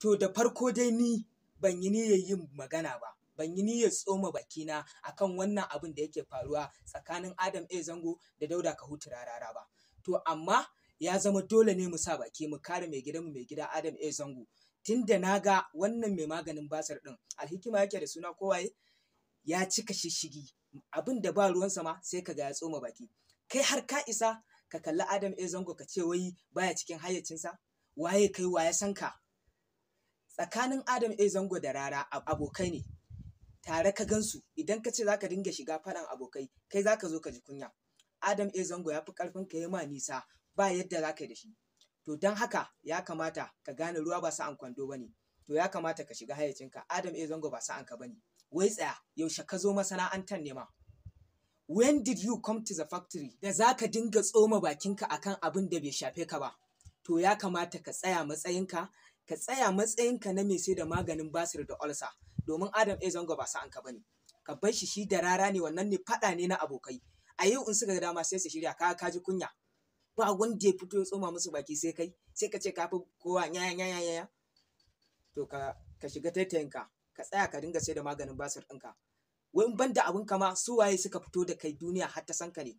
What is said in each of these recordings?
To da farko dai ni ban yi niyyar yin magana ba, ban yi niyyar tsoma bakina akan wannan abin da yake faruwa tsakanin Adam A Zango da Dauda Kahutu rarara ba. To amma ya zama dole ne mu sa baki mu kare mai gida mu mai gida Adam A Zango. Tun da na ga wannan mai maganin basar ɗin alhikima yake da suna kowaye ya cika shishigi abin da ba ruwan sama, sai ka ga ya tsoma baki. Kai har ka isa ka kalli Adam A Zango ka ce wai baya cikin hayyacinsa waye kai waye san ka tsakanin adam e zango da rara abokai ne tare ka gansu idan ka ce zaka dinga shiga faɗan abokai kai zaka zo ka ji kunya adam a zango ya fi ƙarfin ka ma nisa ba yadda zaka yi da shi to don haka ya kamata ka gane ruwa ba sa an kwando ba ne to ya kamata ka shiga hayyacinka adam a zango ba an ka ba ne wai tsaya yaushe ka zo masana'antar nema when did you come to the factory da zaka dinga tsoma bakinka akan abin da bai shafe ka ba to ya kamata ka tsaya matsayinka ka tsaya matsayinka na mai sai da maganin basir da olsa domin adam a zango ba sa'an ka bane ka bar shi shi da rara ne wannan ne faɗa ne na abokai a yau in suka ga dama sai su shirya ka ka ji kunya ba wanda ya fito ya tsoma musu baki sai kai sai ka ce ka fi kowa nya nya nya nya to ka ka shiga taitayinka ka tsaya ka dinga sai da maganin basir ɗinka wai in banda da abin kama su waye suka fito da kai duniya har ta san ka ne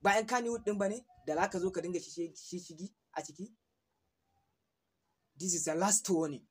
bayan ka ni din ba ne da za ka zo ka dinga shishigi a ciki This is the last warning.